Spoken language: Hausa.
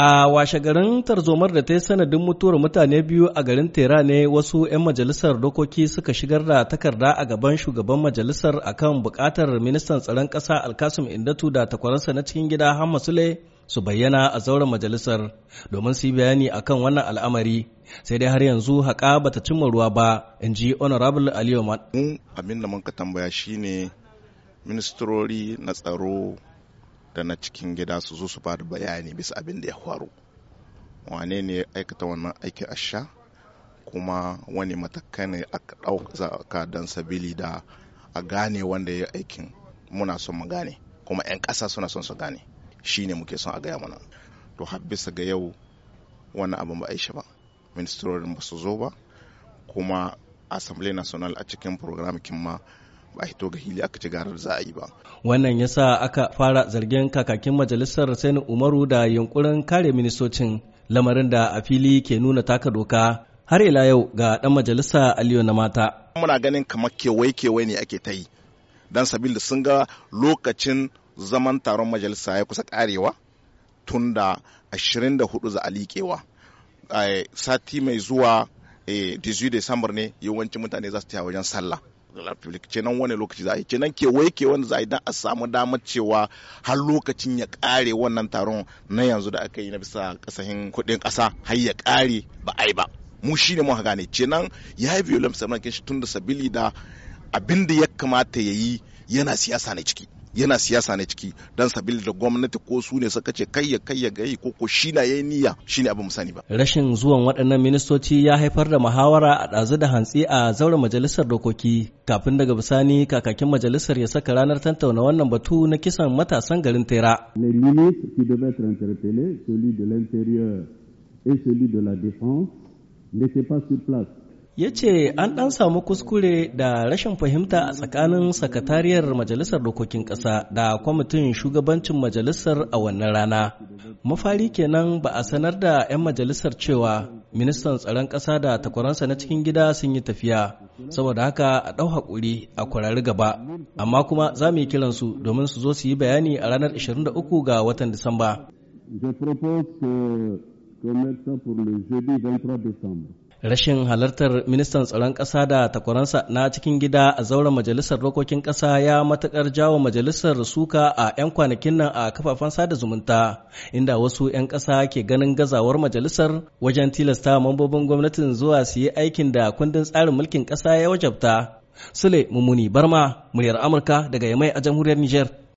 A washe garin tarzomar da ta yi sanadin mutuwar mutane biyu a garin Tera ne wasu 'yan majalisar dokoki suka shigar da takarda a gaban shugaban majalisar a kan bukatar ministan tsaron ƙasa Alkasim Indatu da takwaransa na cikin gida Hamma Sule su bayyana a zauren majalisar domin su yi bayani akan wannan al'amari sai dai har yanzu haƙa bata cimma ruwa ba in ji honorable Aliyu ma. abin da mun ka tambaya shine ministrori na tsaro da na cikin gida su zo su bada bayani bisa abin da ya faru wane ne ya aikata wannan aiki a sha kuma wani matakai ne aka ɗauka don sabili da a gane wanda ya aikin muna son mu gane kuma 'yan ƙasa suna son su gane shi ne muke son a gaya mana to har bisa ga yau wannan abin ba Aisha ba ministrorin ba su zo ba kuma assembly national a cikin programmakin ma ba hito ga hili aka ci garar za a yi ba wannan ya sa aka fara zargin kakakin majalisar sani umaru da yunkurin kare ministocin lamarin da a fili ke nuna taka doka har ila yau ga dan majalisa aliyu na mata muna ganin kamar kewaye kewaye ne ake ta yi dan sabil sun ga lokacin zaman taron majalisa ya kusa karewa tun da 24 za a liƙewa eh, sati mai zuwa 18 eh, Desambar ne yawancin mutane za su taya wajen sallah republic kenan wani lokaci za a yi kenan wai ke wani za a yi a samu damar cewa har lokacin ya kare wannan taron na yanzu da aka yi na bisa kasahin kuɗin kasa har ya kare ba a yi ba mu shi ne muka gane kenan ya yi shi tun da sabili da abin da ya kamata ya yi yana siyasa na ciki yana siyasa ne ciki dan sabili da gwamnati ko su ne suka ce kai ya kai ya gayi ko ko shi na yayi niyya shi ne abin mu sani ba rashin zuwan waɗannan ministoci ya haifar da muhawara a ɗazu da hantsi a zauren majalisar dokoki kafin daga bisani kakakin majalisar ya saka ranar tantauna wannan batu na kisan matasan garin Tera les ministres qui devaient être celui de l'intérieur et celui de la défense pas sur place ya ce an ɗan samu kuskure da rashin fahimta a tsakanin sakatariyar majalisar dokokin ƙasa da kwamitin shugabancin majalisar a wannan rana mafari kenan ba a sanar da 'yan majalisar cewa ministan tsaron ƙasa da takwaransa na cikin gida sun yi tafiya saboda haka a ɗau haƙuri a kwarari gaba amma kuma za mu yi kiransu domin su zo su yi bayani a ranar 23 ga watan disamba Rashin halartar ministan tsaron ƙasa da takwaransa na cikin gida a zauren majalisar dokokin ƙasa ya matuƙar jawo majalisar suka a 'yan kwanakin nan a kafafen sada zumunta, inda wasu 'yan ƙasa ke ganin gazawar majalisar wajen tilasta mambobin gwamnatin zuwa su yi aikin da kundin tsarin mulkin ƙasa ya wajabta. Sule Mummuni Barma, muryar Amurka daga Yamai a jamhuriyar Nijar.